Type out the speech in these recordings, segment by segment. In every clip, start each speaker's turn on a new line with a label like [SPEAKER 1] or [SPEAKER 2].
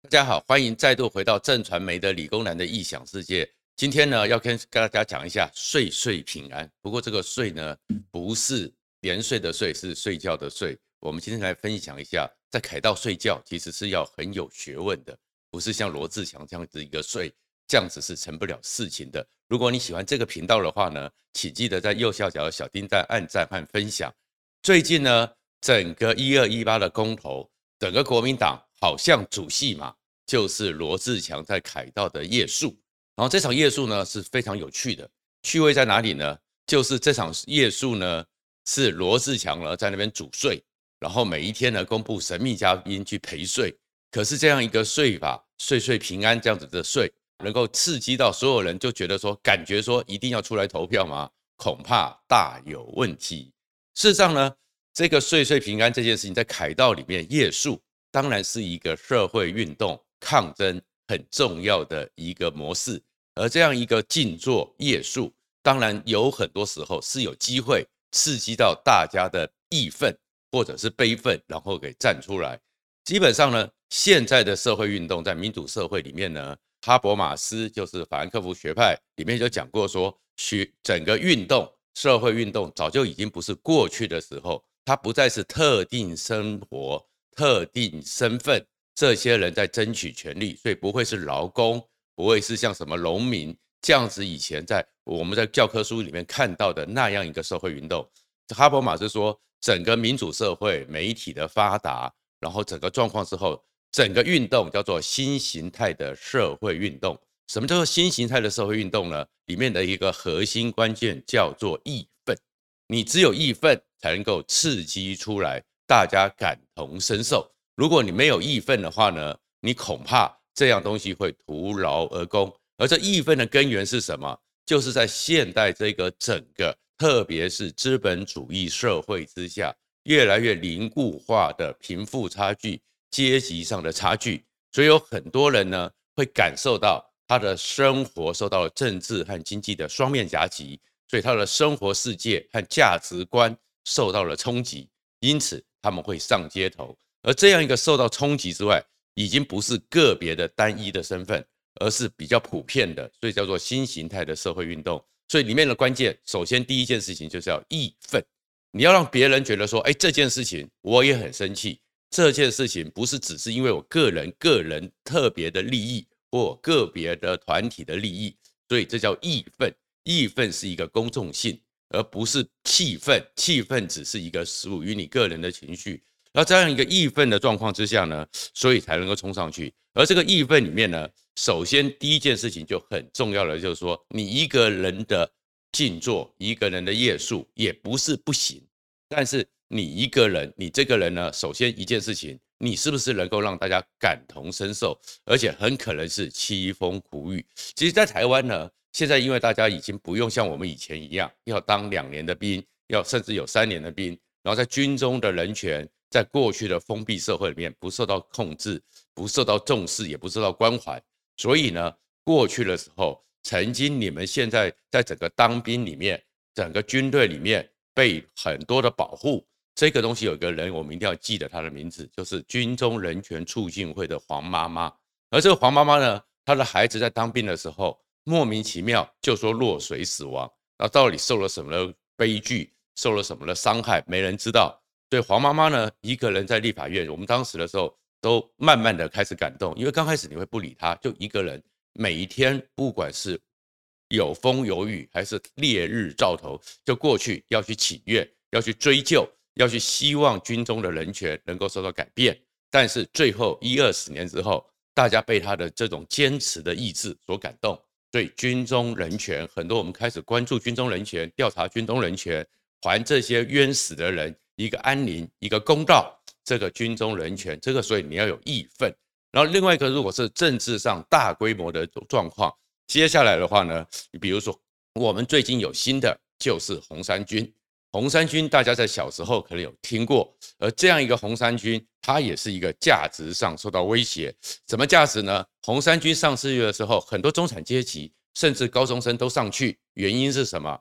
[SPEAKER 1] 大家好，歡迎再度回到震傳媒的理工男的異想世界。今天呢，要跟跟大家講一下睡睡平安。不過這個睡呢，不是年歲的歲，是睡覺的睡。我們今天來分享一下，在凱道睡覺其實是要很有學問的，不是像羅智強這樣子一個睡，這樣子是成不了事情的。如果你喜歡這個頻道的話呢，請記得在右下角的小叮當按讚和分享。最近呢，整個一二一八的公投，整個國民黨。好像主戲嘛，就是羅智強在凱道的夜宿。然後這場夜宿呢是非常有趣的，趣味在哪裡呢？就是這場夜宿呢是羅智強呢在那邊主睡，然後每一天呢公布神秘嘉賓去陪睡。可是這樣一個睡法，睡睡平安這樣子的睡，能夠刺激到所有人就覺得說，感覺說一定要出來投票嗎？恐怕大有問題。事實上呢，這個睡睡平安這件事情在凱道裡面夜宿，當然是一個社會運動抗爭很重要的一個模式，而這樣一個靜坐夜宿，當然有很多時候是有機會刺激到大家的義憤或者是悲憤，然後給站出來。基本上呢，現在的社會運動在民主社會裡面呢，哈伯馬斯就是法蘭克福學派裡面就講過說，學，整個運動社會運動早就已經不是過去的時候，它不再是特定生活，特定身份，這些人在爭取權利，所以不會是勞工，不會是像什麼農民這樣子。以前在我們在教科書裡面看到的那樣一個社會運動，哈伯馬斯說，整個民主社會、媒體的發達，然後整個狀況之後，整個運動叫做新形態的社會運動。什麼叫做新形態的社會運動呢？裡面的一個核心關鍵叫做義憤，你只有義憤才能夠刺激出來。大家感同身受。如果你沒有義憤的話呢，你恐怕這樣東西會徒勞而功。而這義憤的根源是什麼？就是在現代這個整個，特別是資本主義社會之下，越來越凝固化的貧富差距、階級上的差距。所以有很多人呢，會感受到他的生活受到了政治和經濟的雙面夾擊，所以他的生活世界和價值觀受到了衝擊。因此。他們會上街頭，而這樣一個受到衝擊之外，已經不是個別的、單一的身份，而是比較普遍的，所以叫做新形態的社會運動。所以裡面的關鍵，首先第一件事情就是要義憤，你要讓別人覺得說：“哎，這件事情我也很生氣，這件事情不是只是因為我個人、個人特別的利益或個別的團體的利益，所以這叫義憤。義憤是一個公眾性。”而不是氣憤，氣憤只是一個屬於你個人的情緒。那這樣一個義憤的狀況之下呢，所以才能夠衝上去。而這個義憤裡面呢，首先第一件事情就很重要的，就是說你一個人的靜坐，一個人的夜宿也不是不行。但是你一個人，你這個人呢，首先一件事情，你是不是能夠讓大家感同身受，而且很可能是淒風苦雨。其實，在台灣呢，現在，因為大家已經不用像我們以前一樣，要當兩年的兵，要甚至有三年的兵，然後在軍中的人權，在過去的封閉社會裡面，不受到控制，不受到重視，也不受到關懷。所以呢，過去的時候，曾經你們現在在整個當兵裡面，整個軍隊裡面被很多的保護。這個東西有一個人，我們一定要記得他的名字，就是軍中人權促進會的黃媽媽。而這個黃媽媽呢，她的孩子在當兵的時候。莫名其妙就說落水死亡，那到底受了什麼的悲劇，受了什麼的傷害，沒人知道。所以黃媽媽呢，一個人在立法院，我們當時的時候都慢慢的開始感動，因為剛開始你會不理她，就一個人每一天，不管是有風有雨，還是烈日照頭，就過去要去請願，要去追究，要去希望軍中的人權能夠受到改變。但是最後一二十年之後，大家被他的這種堅持的意志所感動。對，軍中人權很多，我們開始關注軍中人權，調查軍中人權，還這些冤死的人一個安寧、一個公道。這個軍中人權，這個所以你要有義憤。然後另外一個，如果是政治上大規模的狀況，接下來的話呢，你比如說我們最近有新的，就是紅衫軍。紅衫軍，大家在小時候可能有聽過，而這樣一個紅衫軍，它也是一個價值上受到威脅。怎麼價值呢？紅衫軍上世的時候，很多中產階級甚至高中生都上去，原因是什麼？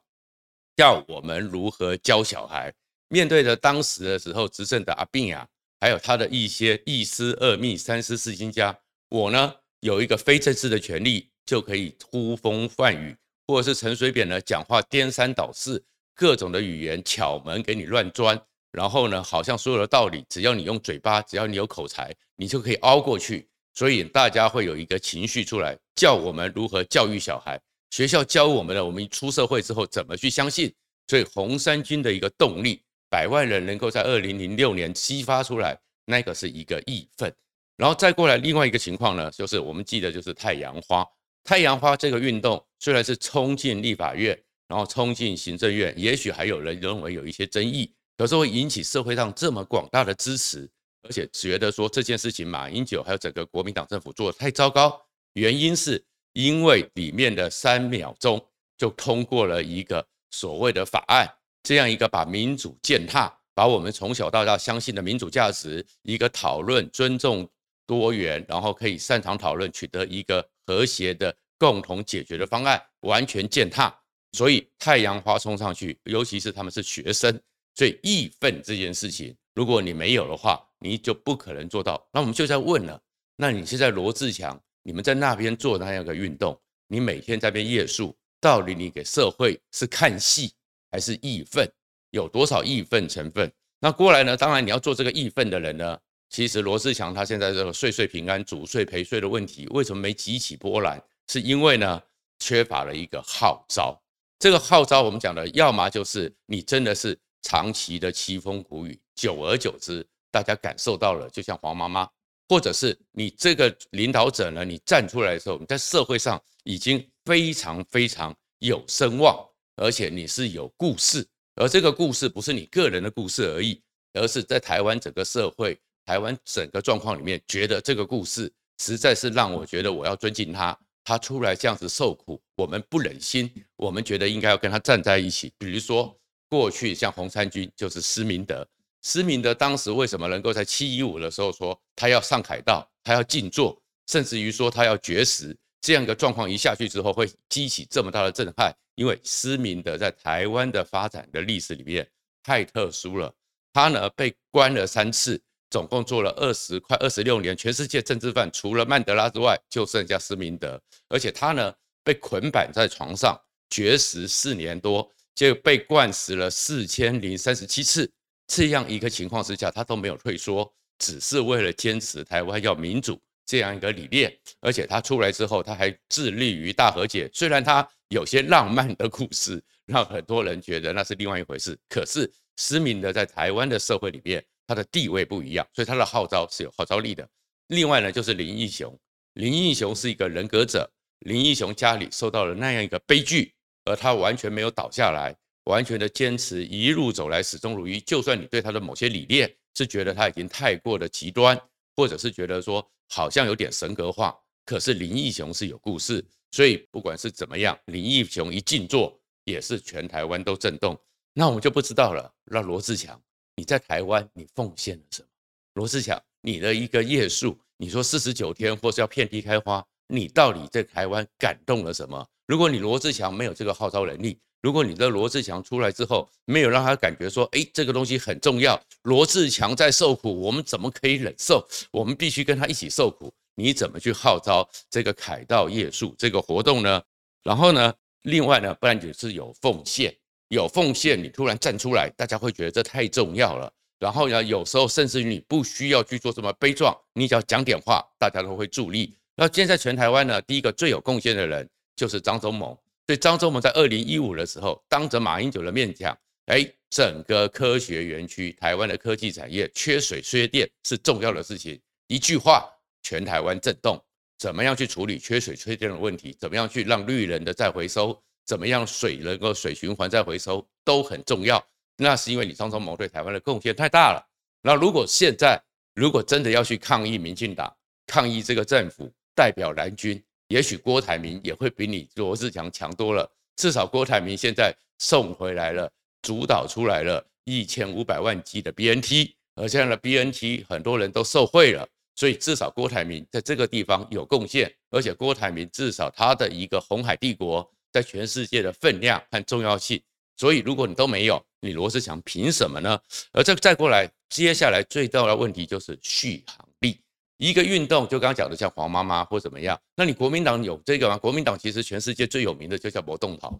[SPEAKER 1] 要我們如何教小孩？面對着當時的時候執政的阿扁啊，還有他的一些一師二秘三師四親家，我呢有一個非正式的權利，就可以呼風喚雨，或者是陳水扁呢講話顛三倒四。各種的語言巧門給你亂鑽，然後呢，好像所有的道理，只要你用嘴巴，只要你有口才，你就可以凹過去。所以大家會有一個情緒出來，叫我們如何教育小孩，學校教我們的，我們一出社會之後怎麼去相信。所以紅衫軍的一個動力，百萬人能夠在二零零六年激發出來，那個是一個義憤。然後再過來另外一個情況呢，就是我們記得就是太陽花，太陽花這個運動雖然是衝進立法院。然後衝進行政院，也許還有人認為有一些爭議，可是會引起社會上這麼廣大的支持，而且覺得說這件事情，馬英九還有整個國民黨政府做得太糟糕。原因是因為裡面的三秒鐘就通過了一個所謂的法案，這樣一個把民主踐踏，把我們從小到大相信的民主價值，一個討論尊重多元，然後可以擅長討論取得一個和諧的共同解決的方案，完全踐踏。所以太陽花衝上去，尤其是他們是學生，所以義憤這件事情，如果你沒有的話，你就不可能做到。那我們就在問了，那你現在羅智強，你們在那邊做那樣的運動，你每天在那邊夜宿，到底你給社會是看戲還是義憤？有多少義憤成分？那過來呢？當然你要做這個義憤的人呢，其實羅智強他現在這個睡睡平安、主睡陪睡的問題，為什麼沒激起波瀾？是因為呢缺乏了一個號召。這個號召，我們講的，要麼就是你真的是長期的淒風苦雨，久而久之，大家感受到了，就像黃媽媽，或者是你這個領導者呢，你站出來的時候，你在社會上已經非常非常有聲望，而且你是有故事，而這個故事不是你個人的故事而已，而是在台灣整個社會、台灣整個狀況裡面，覺得這個故事實在是讓我覺得我要尊敬他。他出來這樣子受苦，我們不忍心，我們覺得應該要跟他站在一起。比如說，過去像紅衫軍就是施明德，施明德當時為什麼能夠在七一五的時候說他要上凱道，他要靜坐，甚至於說他要絕食？這樣一個狀況一下去之後，會激起這麼大的震撼，因為施明德在台灣的發展的歷史裡面太特殊了，他呢被關了三次。總共坐了二十快，二十六年，全世界政治犯除了曼德拉之外，就剩下施明德，而且他呢被捆綁在床上絕食四年多，就被灌食了四千零三十七次，這樣一個情況之下，他都沒有退縮，只是為了堅持台灣要民主這樣一個理念，而且他出來之後，他還致力於大和解，雖然他有些浪漫的故事，讓很多人覺得那是另外一回事，可是施明德在台灣的社會裡面。他的地位不一樣，所以他的號召是有號召力的。另外呢，就是林義雄，林義雄是一個人格者，林義雄家裡受到了那樣一個悲劇，而他完全沒有倒下來，完全的堅持，一路走來始終如一。就算你對他的某些理念是覺得他已經太過的極端，或者是覺得說好像有點神格化，可是林義雄是有故事，所以不管是怎麼樣，林義雄一靜坐也是全台灣都震動。那我們就不知道了。那羅智強。你在台灣，你奉獻了什麼？羅智強，你的一個夜宿，你說四十九天，或是要遍地開花，你到底在台灣感動了什麼？如果你羅智強沒有這個號召能力，如果你的羅智強出來之後沒有讓他感覺說，哎，這個東西很重要，羅智強在受苦，我們怎麼可以忍受？我們必須跟他一起受苦。你怎麼去號召這個凱道夜宿這個活動呢？然後呢，另外呢，不然就是有奉獻。有奉獻，你突然站出來，大家會覺得這太重要了。然後呢，有時候甚至於你不需要去做什麼悲壯，你只要講點話，大家都會助力。那現在全台灣呢，第一個最有貢獻的人就是張忠謀。對，張忠謀在二零一五的時候，當着馬英九的面講：“哎，整個科學園區、台灣的科技產業缺水缺電是重要的事情。”一句話，全台灣震動。怎麼樣去處理缺水缺電的問題？怎麼樣去讓綠人的再回收？怎麼樣水能夠水循環再回收都很重要，那是因為你張忠謀對台灣的貢獻太大了。那如果現在如果真的要去抗議民進黨，抗議這個政府代表藍軍，也許郭台銘也會比你羅志強強多了。至少郭台銘現在送回來了，主導出來了一千五百萬劑的 BNT，而現在的 BNT 很多人都受惠了，所以至少郭台銘在這個地方有貢獻，而且郭台銘至少他的一個鴻海帝國。在全世界的分量和重要性，所以如果你都沒有，你羅志祥憑什麼呢？而再再過來，接下來最大的問題就是續航力。一個運動，就剛剛講的像黃媽媽或怎麼樣，那你國民黨有這個嗎？國民黨其實全世界最有名的就叫搏動跑。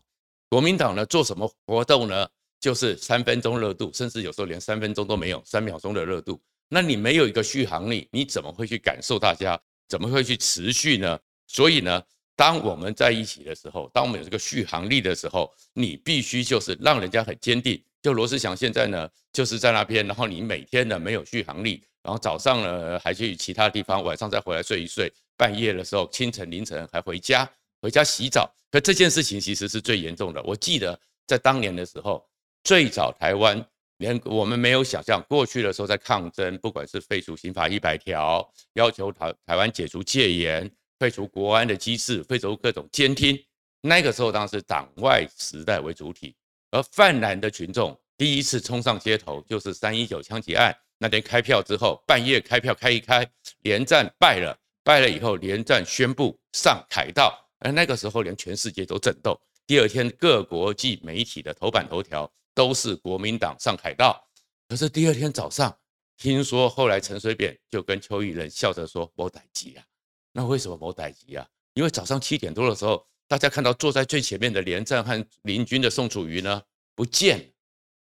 [SPEAKER 1] 國民黨呢，做什麼活動呢？就是三分鐘熱度，甚至有時候連三分鐘都沒有，三秒鐘的熱度。那你沒有一個續航力，你怎麼會去感受大家？怎麼會去持續呢？所以呢，當我們在一起的時候，當我們有這個續航力的時候，你必須就是讓人家很堅定。就羅智強現在呢，就是在那邊，然後你每天呢沒有續航力，然後早上呢還去其他地方，晚上再回來睡一睡，半夜的時候、清晨凌晨還回家，回家洗澡。可這件事情其實是最嚴重的。我記得在當年的時候，最早台灣連我們沒有想象，過去的時候在抗爭，不管是廢除刑法一百條，要求台台灣解除戒嚴。廢除國安的機制，廢除各種監聽。那個時候，當時黨外時代為主體，而泛藍的群眾第一次衝上街頭，就是三一九槍擊案那天開票之後，半夜開票開一開，連戰敗了，敗了以後連戰宣布上凱道。而那個時候，連全世界都震動。第二天，各國際媒體的頭版頭條都是國民黨上凱道。可是第二天早上，聽說後來陳水扁就跟邱義仁笑着說：“我逮雞啊。”那為什麼沒採集啊？因為早上七點多的時候，大家看到坐在最前面的連戰和鄰居軍的宋楚瑜呢，不見了，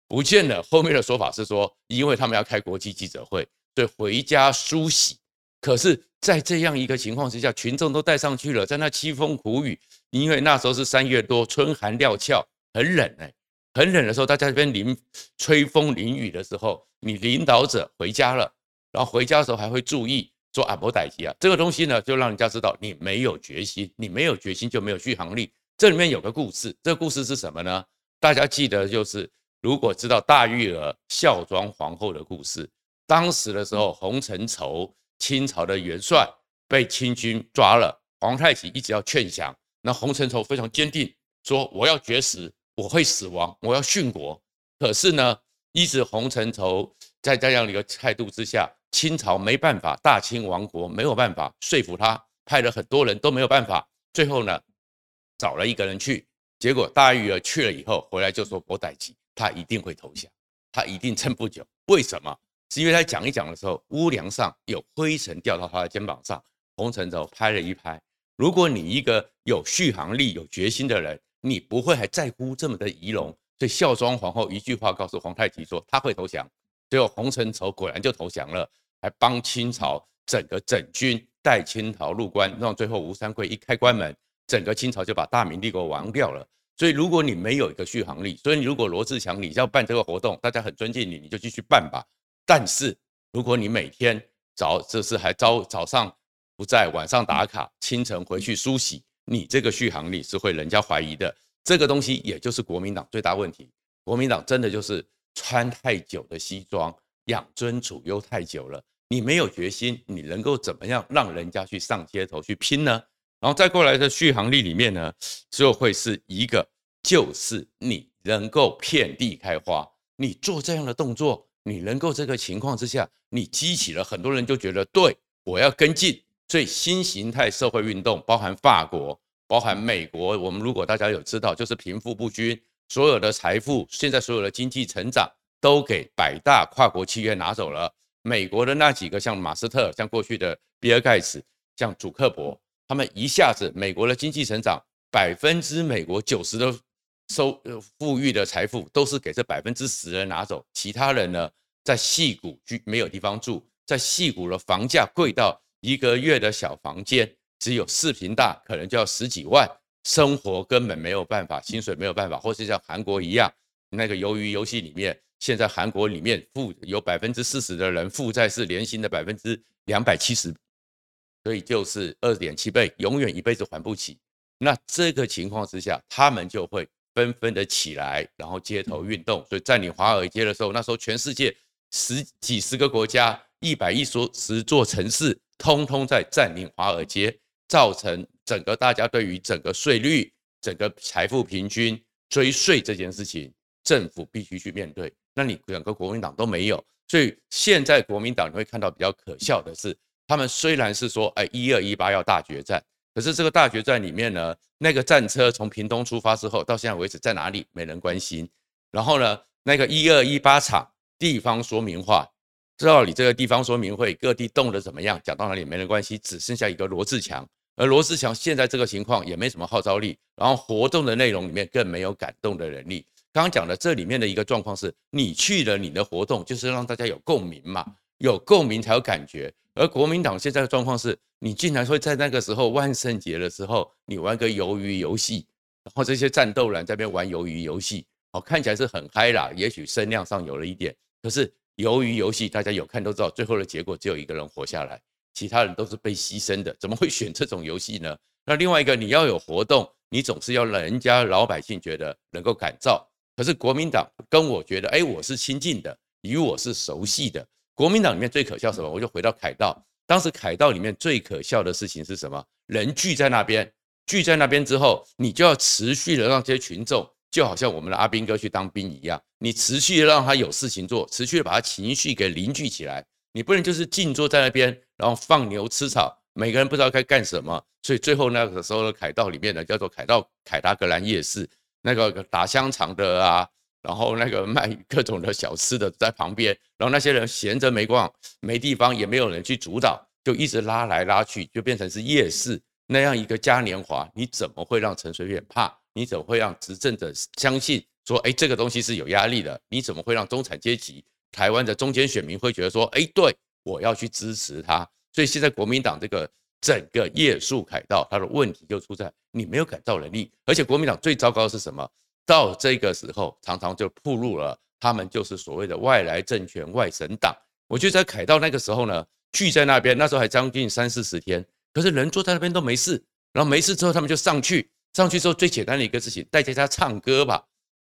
[SPEAKER 1] 不見了。後面的說法是說，因為他們要開國際記者會，所以回家梳洗。可是，在這樣一個情況之下，群眾都帶上去了，在那淒風苦雨，因為那時候是三月多，春寒料峭，很冷哎、欸，很冷的時候，大家這邊淋吹風淋雨的時候，你領導者回家了，然後回家的時候還會注意。做俺不待見啊，這個東西呢，就讓人家知道你沒有決心，你沒有決心就沒有續航力。這裡面有個故事，這個故事是什麼呢？大家記得，就是如果知道大玉兒孝莊皇後的故事，當時的時候，洪承疇清朝的元帥被清軍抓了，皇太極一直要勸降，那洪承疇非常堅定，說我要絕食，我會死亡，我要殉國。可是呢，一直洪承疇在這樣一個態度之下。清朝沒辦法，大清王國沒有辦法說服他，派了很多人都沒有辦法，最後呢找了一個人去，結果大玉兒去了以後回來就說：皇太極，他一定會投降，他一定撐不久。為什麼？是因為他講一講的時候，屋梁上有灰塵掉到他的肩膀上，洪承疇拍了一拍。如果你一個有續航力、有決心的人，你不會還在乎這麼的儀容。所以孝莊皇後一句話告訴皇太極說：他會投降。最後，洪承疇果然就投降了，還幫清朝整個整軍，帶清朝入關。讓最後，吳三桂一開關門，整個清朝就把大明帝國亡掉了。所以，如果你沒有一個續航力，所以如果羅智強你要辦這個活動，大家很尊敬你，你就繼續辦吧。但是，如果你每天早這是還早早上不在，晚上打卡，清晨回去梳洗，你這個續航力是會人家懷疑的。這個東西也就是國民黨最大問題，國民黨真的就是。穿太久的西裝，養尊處優太久了，你沒有決心，你能夠怎麼樣讓人家去上街頭去拼呢？然後再過來的續航力裡面呢，就會是一個，就是你能夠遍地開花，你做這樣的動作，你能夠這個情況之下，你激起了很多人就覺得對，我要跟進，最新形態社會運動，包含法國，包含美國，我們如果大家有知道，就是貧富不均。所有的財富，現在所有的經濟成長都給百大跨國企業拿走了。美國的那幾個像馬斯特、像過去的比爾蓋茨、像祖克伯，他們一下子美國的經濟成長百分之美國九十的收呃，富裕的財富都是給這百分之十的人拿走，其他人呢，在矽谷居沒有地方住，在矽谷的房價貴到一個月的小房間只有四平大，可能就要十幾萬。生活根本沒有辦法，薪水沒有辦法，或是像韓國一樣，那個魷魚遊戲裡面，現在韓國裡面負有百分之四十的人負債是年薪的百分之兩百七十，所以就是二點七倍，永遠一輩子還不起。那這個情況之下，他們就會紛紛的起來，然後街頭運動。所以佔領華爾街的時候，那時候全世界十幾十個國家，一百一十座城市，通通在佔領華爾街，造成。整個大家對於整個稅率、整個財富平均追稅這件事情，政府必須去面對。那你整個國民黨都沒有，所以現在國民黨你會看到比較可笑的是，他們雖然是說哎一二一八要大決戰，可是這個大決戰裡面呢，那個戰車從屏東出發之後，到現在為止在哪裡沒人關心。然後呢，那個一二一八場地方說明話，知道你這個地方說明會各地動得怎麼樣，講到哪裡沒人關心，只剩下一個羅智強，而羅智強現在這個情況也沒什麼號召力，然後活動的內容裡面更沒有感動的能力。剛剛講的這裡面的一個狀況是，你去了你的活動就是讓大家有共鳴嘛，有共鳴才有感覺。而國民黨現在的狀況是，你竟然會在那個時候萬聖節的時候，你玩個魷魚遊戲，然後這些戰鬥藍在那邊玩魷魚遊戲，哦，看起來是很嗨啦，也許聲量上有了一點，可是魷魚遊戲大家有看都知道，最後的結果只有一個人活下來。其他人都是被犧牲的，怎麼會選這種遊戲呢？那另外一個，你要有活動，你總是要讓人家老百姓覺得能夠感召。可是國民黨跟我覺得，哎，我是親近的，與我是熟悉的。國民黨裡面最可笑什麼？我就回到凱道，當時凱道裡面最可笑的事情是什麼？人聚在那邊，聚在那邊之後，你就要持續的讓這些群眾，就好像我們的阿兵哥去當兵一樣，你持續的讓他有事情做，持續的把他情緒給凝聚起來。你不能就是靜坐在那邊，然後放牛吃草，每個人不知道該幹什麼，所以最後那個時候的凱道裡面呢，叫做凱道凱達格蘭夜市，那個打香腸的啊，然後那個賣各種的小吃的在旁邊，然後那些人閒着沒逛，沒地方，也沒有人去主導，就一直拉來拉去，就變成是夜市那樣一個嘉年華。你怎麼會讓陳水扁怕？你怎麼會讓執政者相信說，哎，這個東西是有壓力的？你怎麼會讓中產階級台灣的中間選民會覺得說，哎，對？我要去支持他，所以現在國民黨這個整個夜宿凱道，他的問題就出在你沒有改造能力，而且國民黨最糟糕的是什麼？到這個時候常常就暴露了，他們就是所謂的外來政權外省黨。我覺得在凱道那個時候呢，聚在那邊，那時候還將近三四十天，可是人坐在那邊都沒事，然後沒事之後他們就上去，上去之後最簡單的一個事情，帶大家唱歌吧，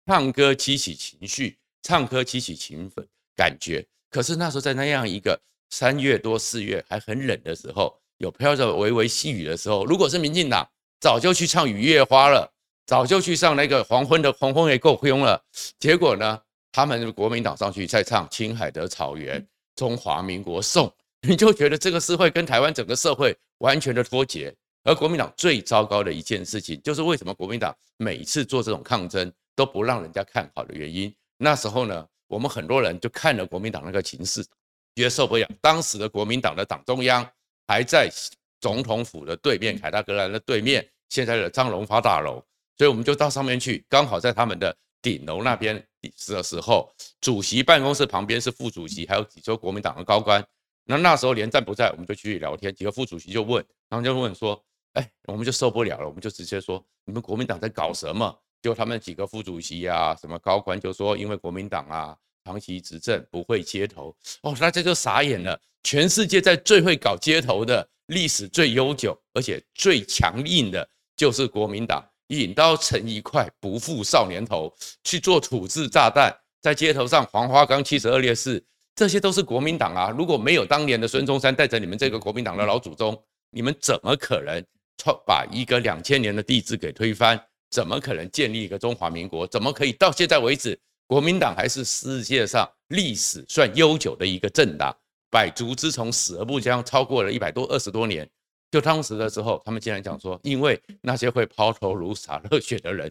[SPEAKER 1] 唱歌激起情緒，唱歌激起情奮感覺。可是那時候在那樣一個。三月多四月還很冷的時候，有飄着微微細雨的時候，如果是民進黨，早就去唱《雨夜花》了，早就去唱那個黃昏的黃昏也夠兇了。結果呢，他們國民黨上去再唱《青海的草原》，《中華民國頌》，你就覺得這個社會跟台灣整個社會完全的脫節。而國民黨最糟糕的一件事情，就是為什麼國民黨每次做這種抗爭都不讓人家看好的原因。那時候呢，我們很多人就看了國民黨那個情勢。接受不了，當時的國民黨的黨中央還在總統府的對面，凱達格蘭的對面，現在的張榮發大樓，所以我們就到上面去，剛好在他們的頂樓那邊的時候，主席辦公室旁邊是副主席，還有幾桌國民黨的高官。那那時候連戰不在，我們就去聊天，幾個副主席就問，他們就問說：“哎，我們就受不了了，我們就直接說，你們國民黨在搞什麼？”就他們幾個副主席啊，什麼高官就說：“因為國民黨啊。”長期執政不會街頭哦，大家就傻眼了。全世界在最會搞街頭的歷史最悠久，而且最強硬的，就是國民黨。引刀成一快，不負少年頭，去做土製炸彈，在街頭上黃花崗七十二烈士，這些都是國民黨啊。如果沒有當年的孫中山帶着你們這個國民黨的老祖宗，你們怎麼可能創把一個兩千年的帝制給推翻？怎麼可能建立一個中華民國？怎麼可以到現在為止？國民黨還是世界上歷史算悠久的一個政黨，百足之蟲死而不僵，超過了一百多二十多年。就當時的時候，他們竟然講說，因為那些會拋頭顱灑熱血的人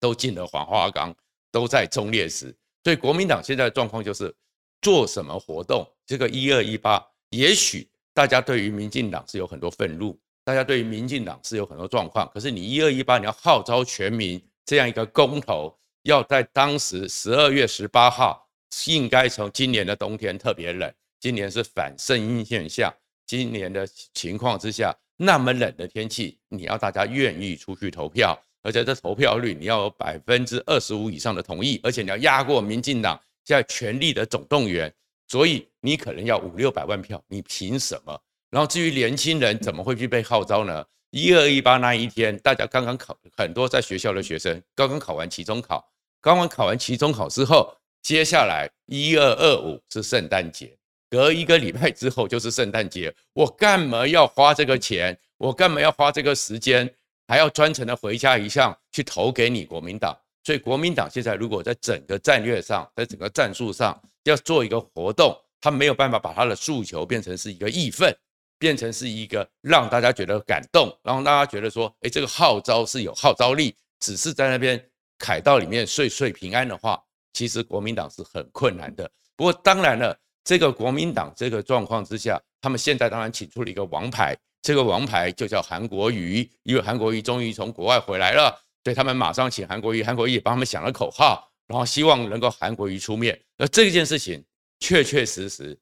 [SPEAKER 1] 都進了黃花崗，都在忠烈祠。所以國民黨現在的狀況就是，做什麼活動，這個一二一八，也許大家對於民進黨是有很多憤怒，大家對於民進黨是有很多狀況。可是你一二一八，你要號召全民這樣一個公投。要在當時十二月十八號，應該從今年的冬天特別冷，今年是反聖嬰現象。今年的情況之下，那麼冷的天氣，你要大家願意出去投票，而且這投票率你要有百分之二十五以上的同意，而且你要壓過民進黨現在全力的總動員，所以你可能要五六百萬票，你憑什麼？然後至於年輕人怎麼會去被號召呢？一二一八那一天，大家剛剛考，很多在學校的學生剛剛考完期中考。剛剛考完期中考之後，接下來一二二五是聖誕節，隔一個禮拜之後就是聖誕節。我幹嘛要花這個錢？我幹嘛要花這個時間？還要專程的回家一趟去投給你國民黨？所以國民黨現在如果在整個戰略上，在整個戰術上要做一個活動，他沒有辦法把他的訴求變成是一個義憤，變成是一個讓大家覺得感動，然後大家覺得說，哎，這個號召是有號召力，只是在那邊凱道裡面睡睡平安的話，其實國民黨是很困難的。不過當然了，這個國民黨這個狀況之下，他們現在當然請出了一個王牌，這個王牌就叫韓國瑜，因為韓國瑜終於從國外回來了，所以他們馬上請韓國瑜。韓國瑜也幫他們想了口號，然後希望能夠韓國瑜出面。而這件事情確確實實是，是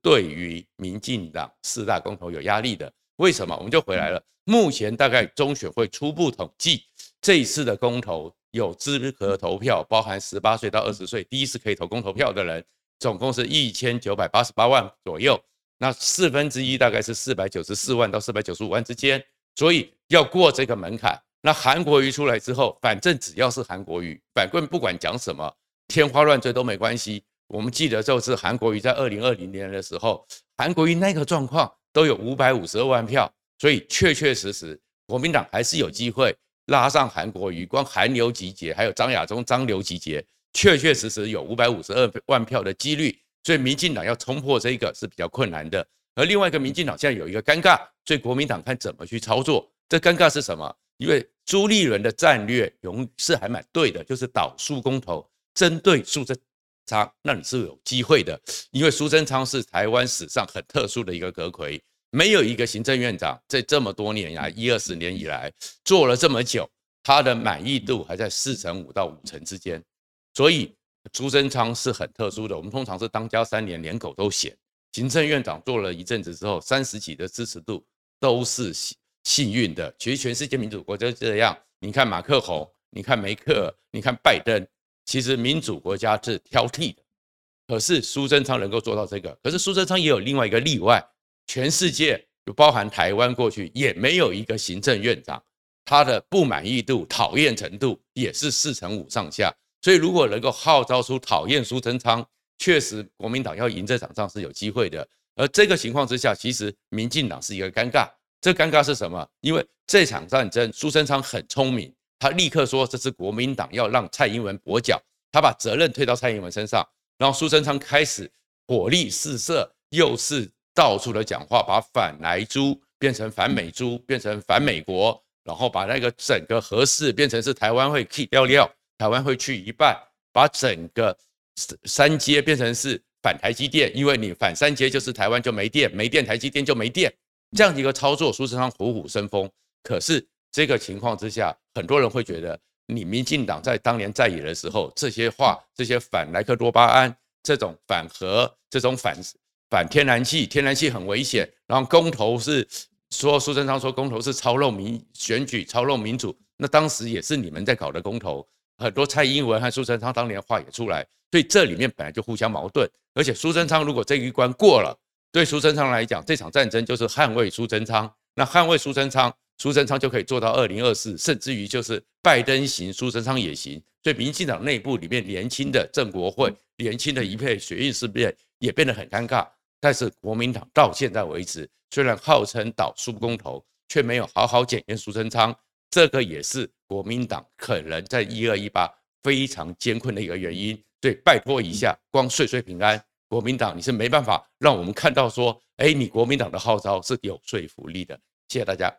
[SPEAKER 1] 對於民進黨四大公投有壓力的。為什麼？我們就回來了。目前大概中選會初步統計，這一次的公投。有資格投票，包含十八歲到二十歲第一次可以投公投票的人，總共是一千九百八十八萬左右。那四分之一大概是四百九十四萬到四百九十五萬之間，所以要過這個門檻。那韓國瑜出來之後，反正只要是韓國瑜，反正不管講什麼天花亂墜都沒關係。我們記得就是韓國瑜在二零二零年的時候，韓國瑜那個狀況都有五百五十二萬票，所以確確實實國民黨還是有機會。拉上韓國瑜，光韓流集結，還有張亞中、張流集結，確確實實有五百五十二萬票的幾率，所以民進黨要衝破這一個是比較困難的。而另外一個，民進黨現在有一個尷尬，所以國民黨看怎麼去操作。這尷尬是什麼？因為朱立倫的戰略是還蠻對的，就是倒數公投，針對蘇貞昌，那你是有機會的，因為蘇貞昌是台灣史上很特殊的一個閣揆。沒有一個行政院長在這麼多年以來，一二十年以來做了這麼久，他的滿意度還在四成五到五成之間。所以蘇貞昌是很特殊的，我們通常是當家三年連狗都嫌。行政院長做了一陣子之後，三十幾的支持度都是幸幸運的。其實全世界民主國家這樣，你看馬克宏，你看梅克，你看拜登，其實民主國家是挑剔的。可是蘇貞昌能夠做到這個，可是蘇貞昌也有另外一個例外。全世界就包含台灣過去也沒有一個行政院長，他的不滿意度、討厭程度也是四成五上下。所以如果能夠號召出討厭蘇貞昌，確實國民黨要贏這場仗是有機會的。而這個情況之下，其實民進黨是一個尷尬。這尷尬是什麼？因為這場戰爭，蘇貞昌很聰明，他立刻說這是國民黨要讓蔡英文跛腳，他把責任推到蔡英文身上，然後蘇貞昌開始火力四射，又是。到處的講話，把反萊豬變成反美豬，變成反美國，然後把那個整個核四變成是台灣會 key 掉掉，台灣會去一半，把整個三三接變成是反台積電，因為你反三接就是台灣就沒電，沒電台積電就沒電，這樣一個操作，說起來虎虎生風，可是這個情況之下，很多人會覺得你民進黨在當年在野的時候，這些話，這些反萊克多巴胺，這種反核，這種反。反天然氣，天然氣很危險。然後公投是說，蘇貞昌說公投是操弄民選舉，操弄民主。那當時也是你們在搞的公投，很多蔡英文和蘇貞昌當年話也出來，對，這裡面本來就互相矛盾。而且蘇貞昌如果這一關過了，對蘇貞昌來講，這場戰爭就是捍衛蘇貞昌。那捍衛蘇貞昌，蘇貞昌就可以做到二零二四，甚至於就是拜登行，蘇貞昌也行。所以民進黨內部裡面年輕的正國會、嗯、年輕的一派、學運世代也變得很尷尬。但是國民黨到現在為止，雖然號稱倒蘇公投，卻沒有好好檢驗蘇貞昌，這個也是國民黨可能在一二一八非常艱困的一個原因。對，拜託一下，光睡睡平安，國民黨你是沒辦法讓我們看到說，哎，你國民黨的號召是有說服力的。謝謝大家。